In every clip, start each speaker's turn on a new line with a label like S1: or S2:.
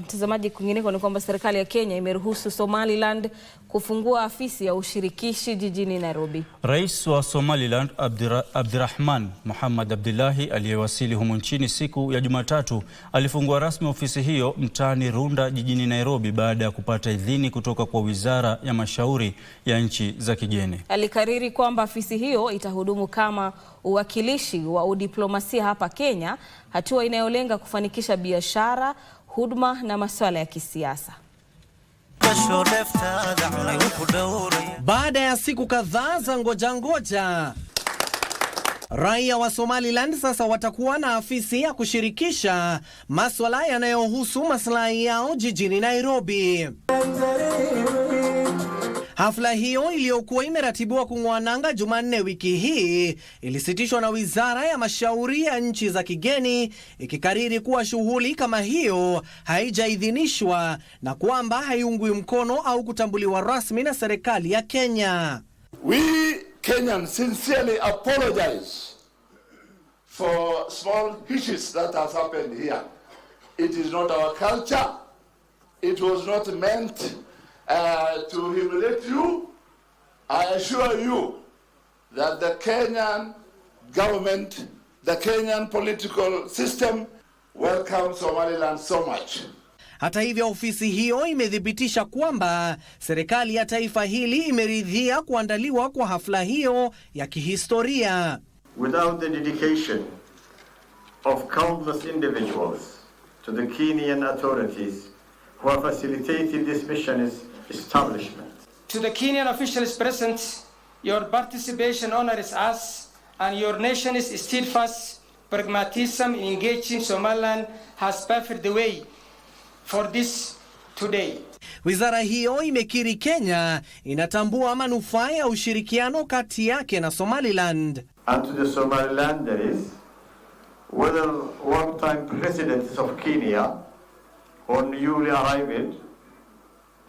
S1: Mtazamaji, kwingineko ni kwamba serikali ya Kenya imeruhusu Somaliland kufungua afisi ya ushirikishi jijini Nairobi.
S2: Rais wa Somaliland Abdirahman Muhammad Abdullahi aliyewasili humu nchini siku ya Jumatatu alifungua rasmi ofisi hiyo mtaani Runda jijini Nairobi baada ya kupata idhini kutoka kwa Wizara ya Mashauri ya Nchi za Kigeni.
S1: Alikariri kwamba afisi hiyo itahudumu kama uwakilishi wa udiplomasia hapa Kenya, hatua inayolenga kufanikisha biashara huduma na masuala ya kisiasa.
S3: Baada ya siku kadhaa za ngoja ngoja, raia wa Somaliland sasa watakuwa na afisi ya kushirikisha masuala yanayohusu maslahi yao jijini Nairobi. Hafla hiyo iliyokuwa imeratibiwa kung'wananga Jumanne wiki hii ilisitishwa na Wizara ya Mashauri ya Nchi za Kigeni ikikariri kuwa shughuli kama hiyo haijaidhinishwa na kwamba haiungwi mkono au kutambuliwa rasmi na serikali ya Kenya.
S4: We Kenyans sincerely apologize for small hitches that has happened here. It is not our culture. It was not meant uh, to humiliate you, I assure you that the Kenyan government, the Kenyan political system welcomes Somaliland so much.
S3: Hata hivyo ofisi hiyo imethibitisha kwamba serikali ya taifa hili imeridhia kuandaliwa kwa hafla hiyo ya kihistoria.
S4: Without the dedication of countless individuals to the Kenyan authorities who have facilitated this mission is establishment.
S5: To the Kenyan officials present, your participation honors us, and your nation's steadfast pragmatism in engaging Somaliland has paved the way for this today.
S3: Wizara hiyo imekiri Kenya inatambua manufaa ya ushirikiano kati yake na Somaliland.
S4: And to the Somalilanders, whether one-time presidents of Kenya or newly arrived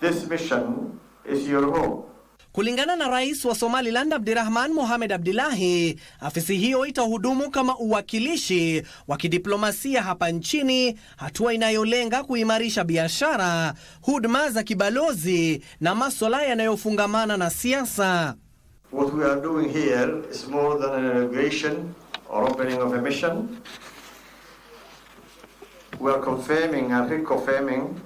S4: This mission is your home.
S3: Kulingana na Rais wa Somaliland Abdirahman Mohamed Abdillahi, afisi hiyo itahudumu kama uwakilishi wa kidiplomasia hapa nchini, hatua inayolenga kuimarisha biashara, huduma za kibalozi na masuala yanayofungamana na siasa.
S6: What we are doing here is more than an inauguration or opening of a mission. We are confirming and reconfirming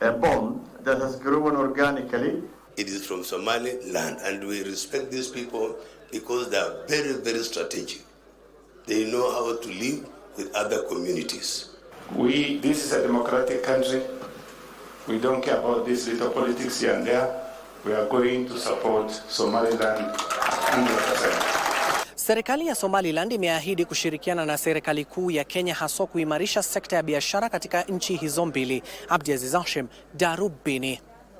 S6: a bomb that has grown organically.
S7: It is from Somaliland, and we respect these people because they are very, very strategic. They know how to live with other communities.
S8: We, this is a democratic country. We don't care about this little politics here and there. We are going to support Somaliland 100%.
S3: Serikali ya Somaliland imeahidi kushirikiana na serikali kuu ya Kenya haswa kuimarisha sekta ya biashara katika nchi hizo mbili. Abdiaziz Hashim, Darubini.